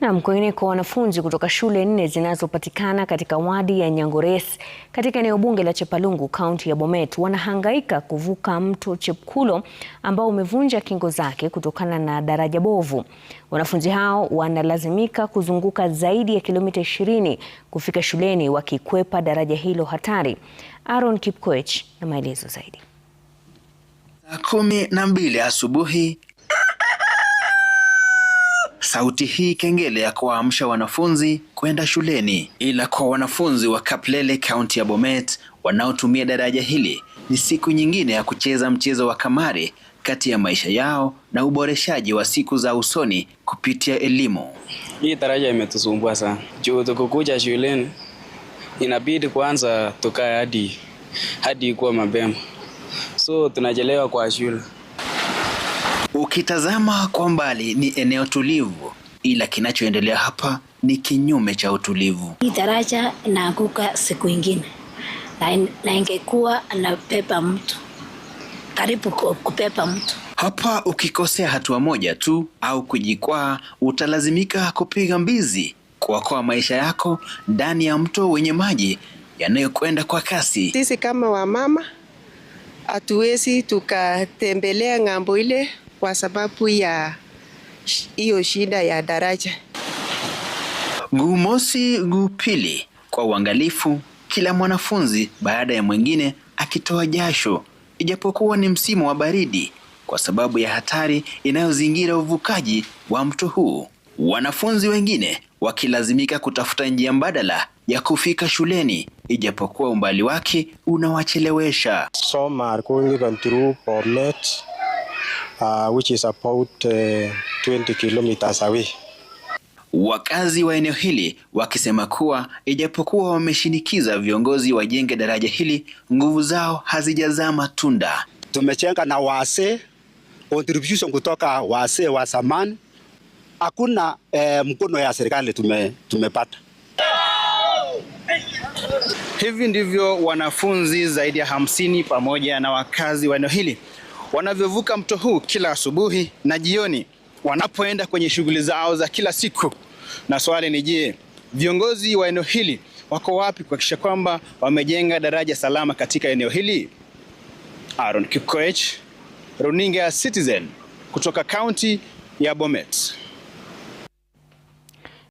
Nam kwa wanafunzi kutoka shule nne zinazopatikana katika wadi ya Nyangores katika eneo bunge la Chepalungu kaunti ya Bomet wanahangaika kuvuka mto Chepkulo ambao umevunja kingo zake kutokana na daraja bovu. Wanafunzi hao wanalazimika kuzunguka zaidi ya kilomita 20 kufika shuleni wakikwepa daraja hilo hatari. Aaron Kipkoech na maelezo zaidi. Saa kumi na mbili asubuhi sauti hii kengele ya kuwaamsha wanafunzi kwenda shuleni. Ila kwa wanafunzi wa Kaplele kaunti ya Bomet wanaotumia daraja hili ni siku nyingine ya kucheza mchezo wa kamari kati ya maisha yao na uboreshaji wa siku za usoni kupitia elimu. Hii daraja imetusumbua sana juu tukukuja shuleni inabidi kwanza tukae hadi hadi kuwa mapema, so tunachelewa kwa shule. Ukitazama kwa mbali ni eneo tulivu, ila kinachoendelea hapa ni kinyume cha utulivu. Hii daraja inaanguka siku ingine, na ingekuwa anabeba mtu karibu kubeba mtu hapa. Ukikosea hatua moja tu au kujikwaa, utalazimika kupiga mbizi kuokoa maisha yako ndani ya mto wenye maji yanayokwenda kwa kasi. Sisi kama wamama hatuwezi tukatembelea ng'ambo ile kwa sababu ya hiyo shida ya daraja. Nguu mosi, nguu pili, kwa uangalifu, kila mwanafunzi baada ya mwingine akitoa jasho, ijapokuwa ni msimu wa baridi, kwa sababu ya hatari inayozingira uvukaji wa mto huu. Wanafunzi wengine wakilazimika kutafuta njia mbadala ya kufika shuleni, ijapokuwa umbali wake unawachelewesha uh, which is about uh, 20 kilometers away. Wakazi wa eneo hili wakisema kuwa ijapokuwa wameshinikiza viongozi wajenge daraja hili, nguvu zao hazijazaa matunda. Tumechenga na wasee, contribution kutoka wasee wa zamani, hakuna eh, mkono ya serikali tume, tumepata. Hivi ndivyo wanafunzi zaidi ya hamsini pamoja na wakazi wa eneo hili wanavyovuka mto huu kila asubuhi na jioni wanapoenda kwenye shughuli zao za kila siku. Na swali ni je, viongozi wa eneo hili wako wapi kuhakikisha kwamba wamejenga daraja salama katika eneo hili? Aaron Kikoech, Runinga Citizen kutoka kaunti ya Bomet.